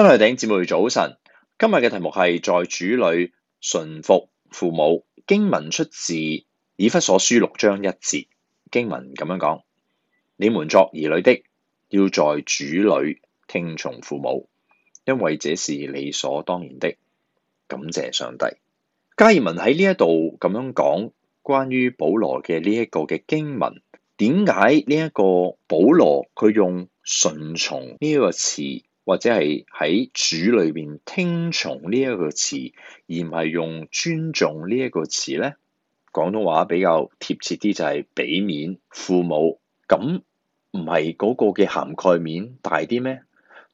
張麗鼎姐妹早晨，今日嘅題目係在主裏順服父母。經文出自以弗所書六章一節，經文咁樣講：你們作兒女的，要在主裏聽從父母，因為這是理所當然的。感謝上帝。加爾文喺呢一度咁樣講，關於保羅嘅呢一個嘅經文，點解呢一個保羅佢用順從呢個詞？或者係喺主裏邊聽從呢一個詞，而唔係用尊重呢一個詞咧。廣東話比較貼切啲就係俾面父母，咁唔係嗰個嘅涵蓋面大啲咩？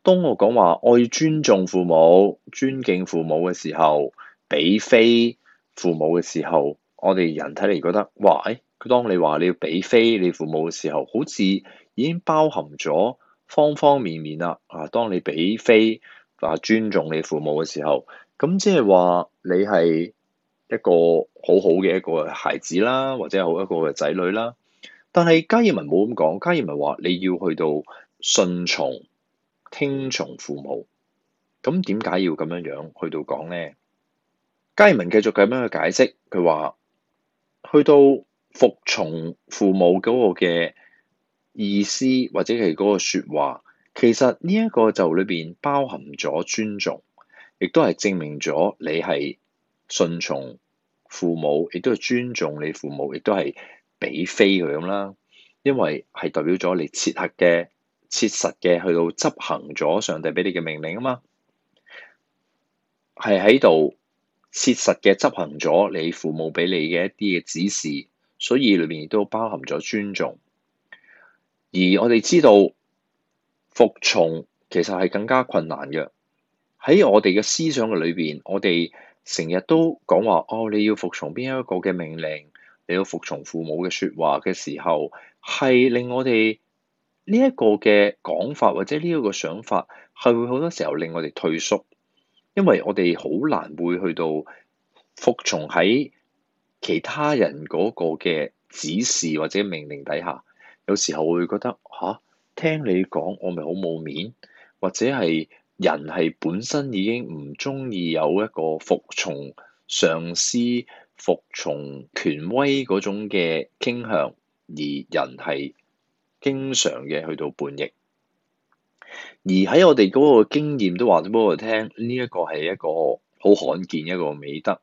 當我講話愛尊重父母、尊敬父母嘅時候，俾面父母嘅時候，我哋人睇嚟覺得，哇！誒，佢當你話你要俾面你父母嘅時候，好似已經包含咗。方方面面啦，啊！當你俾非話、啊、尊重你父母嘅時候，咁即係話你係一個好好嘅一個孩子啦，或者好一個仔女啦。但係加爾文冇咁講，加爾文話你要去到順從、聽從父母。咁點解要咁樣樣去到講咧？加爾文繼續咁樣去解釋，佢話去到服從父母嗰個嘅，意思或者係嗰個說話，其實呢一個就裏邊包含咗尊重，亦都係證明咗你係順從父母，亦都係尊重你父母，亦都係俾飛佢咁啦。因為係代表咗你切合嘅切實嘅去到執行咗上帝俾你嘅命令啊嘛，係喺度切實嘅執行咗你父母俾你嘅一啲嘅指示，所以裏邊亦都包含咗尊重。而我哋知道，服從其實係更加困難嘅。喺我哋嘅思想嘅裏邊，我哋成日都講話：哦，你要服從邊一個嘅命令？你要服從父母嘅説話嘅時候，係令我哋呢一個嘅講法或者呢一個想法，係會好多時候令我哋退縮，因為我哋好難會去到服從喺其他人嗰個嘅指示或者命令底下。有時候會覺得吓、啊，聽你講我咪好冇面，或者係人係本身已經唔中意有一個服從上司、服從權威嗰種嘅傾向，而人係經常嘅去到叛逆。而喺我哋嗰個經驗都話咗俾我聽，呢、這個、一個係一個好罕見一個美德。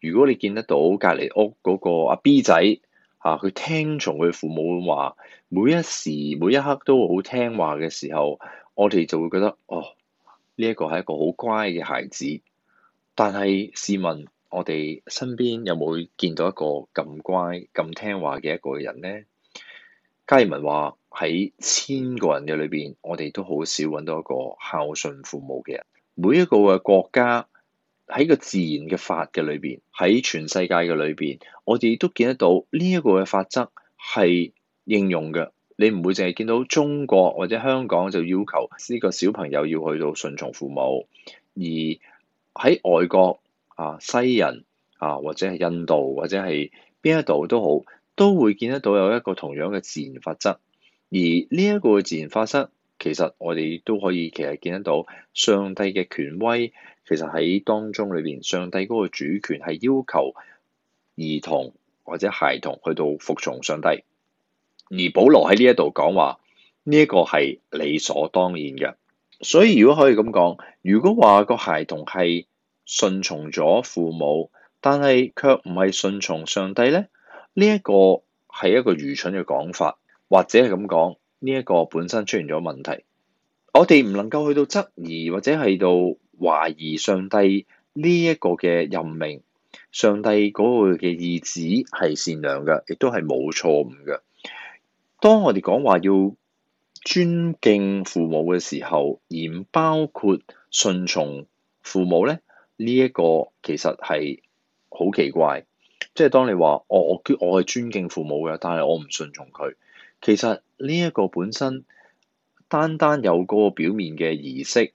如果你見得到隔離屋嗰個阿 B 仔。啊！佢聽從佢父母話，每一時每一刻都好聽話嘅時候，我哋就會覺得哦，呢一個係一個好乖嘅孩子。但係試問，我哋身邊有冇見到一個咁乖、咁聽話嘅一個人呢？加爾文話喺千個人嘅裏邊，我哋都好少揾到一個孝順父母嘅人。每一個嘅國家。喺個自然嘅法嘅裏邊，喺全世界嘅裏邊，我哋都見得到呢一個嘅法則係應用嘅。你唔會淨係見到中國或者香港就要求呢個小朋友要去到順從父母，而喺外國啊，西人啊，或者係印度或者係邊一度都好，都會見得到有一個同樣嘅自然法則。而呢一個嘅自然法則，其實我哋都可以其實見得到上帝嘅權威。其實喺當中裏邊，上帝嗰個主權係要求兒童或者孩童去到服從上帝，而保羅喺呢一度講話呢一個係理所當然嘅。所以如果可以咁講，如果話個孩童係順從咗父母，但係卻唔係順從上帝咧，呢、呢、一個係一個愚蠢嘅講法，或者係咁講呢一個本身出現咗問題。我哋唔能夠去到質疑或者係到。懷疑上帝呢一個嘅任命，上帝嗰個嘅意旨係善良嘅，亦都係冇錯誤嘅。當我哋講話要尊敬父母嘅時候，而唔包括順從父母咧，呢一個其實係好奇怪。即係當你話我我我係尊敬父母嘅，但係我唔順從佢，其實呢一個本身單單有嗰個表面嘅儀式，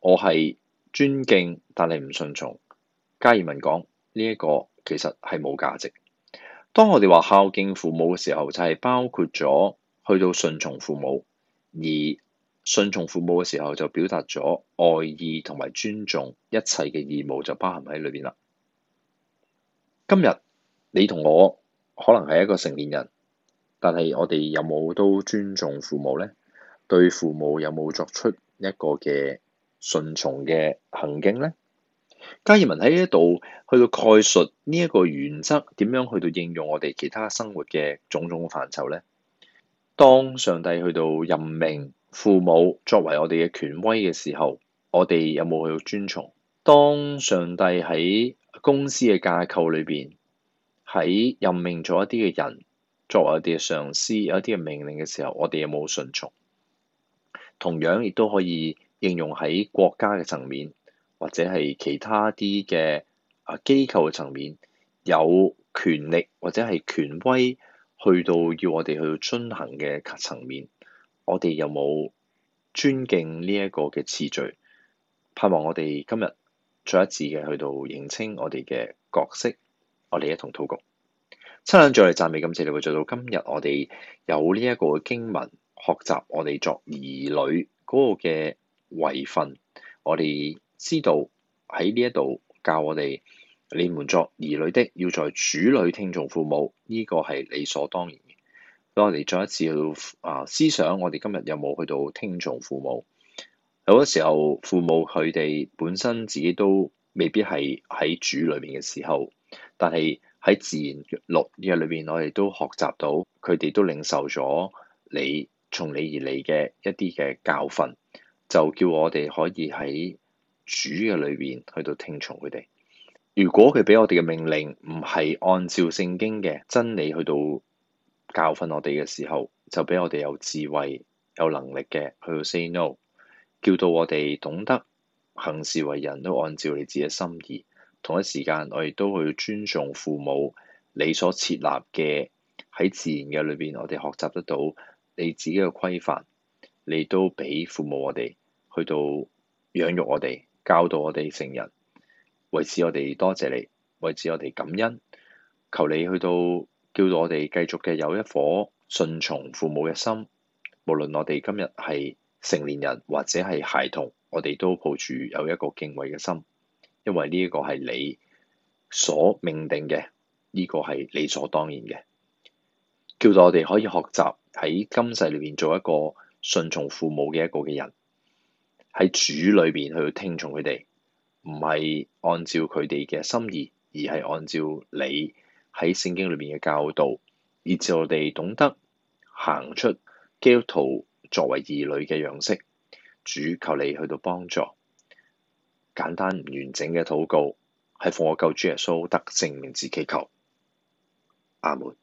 我係。尊敬但係唔順從，加爾文講呢一個其實係冇價值。當我哋話孝敬父母嘅時候，就係包括咗去到順從父母，而順從父母嘅時候就表達咗愛意同埋尊重，一切嘅義務就包含喺裏邊啦。今日你同我可能係一個成年人，但係我哋有冇都尊重父母呢？對父母有冇作出一個嘅？順從嘅行徑咧，加爾文喺呢一度去到概述呢一個原則點樣去到應用我哋其他生活嘅種種範疇咧。當上帝去到任命父母作為我哋嘅權威嘅時候，我哋有冇去到遵從？當上帝喺公司嘅架構裏邊喺任命咗一啲嘅人作為我哋嘅上司，有一啲嘅命令嘅時候，我哋有冇順從？同樣亦都可以。應用喺國家嘅層面，或者係其他啲嘅啊機構嘅層面，有權力或者係權威去到要我哋去到遵行嘅層面，我哋有冇尊敬呢一個嘅次序？盼望我哋今日再一次嘅去到認清我哋嘅角色，我哋一同禱告，親眼再嚟讚美，今次你會做到今日，我哋有呢一個經文學習，我哋作兒女嗰個嘅。為訓，我哋知道喺呢一度教我哋，你們作兒女的要在主裏聽從父母，呢、這個係理所當然嘅。當我哋再一次去啊思想，我哋今日有冇去到聽從父母？好多時候，父母佢哋本身自己都未必係喺主裏面嘅時候，但係喺自然六嘅裏面，我哋都學習到佢哋都領受咗你從你而嚟嘅一啲嘅教訓。就叫我哋可以喺主嘅裏邊去到聽從佢哋。如果佢俾我哋嘅命令唔係按照聖經嘅真理去到教訓我哋嘅時候，就俾我哋有智慧、有能力嘅去到 say no，叫到我哋懂得行事為人，都按照你自己嘅心意。同一時間，我亦都去尊重父母你所設立嘅喺自然嘅裏邊，我哋學習得到你自己嘅規範，你都俾父母我哋。去到養育我哋，教導我哋成人，為此我哋多謝，謝你，為此我哋感恩。求你去到，叫到我哋繼續嘅有一顆順從父母嘅心。無論我哋今日係成年人或者係孩童，我哋都抱住有一個敬畏嘅心，因為呢一個係你所命定嘅，呢、這個係理所當然嘅。叫到我哋可以學習喺今世裏面做一個順從父母嘅一個嘅人。喺主裏邊去聽從佢哋，唔係按照佢哋嘅心意，而係按照你喺聖經裏邊嘅教導，以至我哋懂得行出基督徒作為兒女嘅樣式。主求你去到幫助，簡單唔完整嘅禱告，係奉我救主耶穌得勝名字祈求。阿門。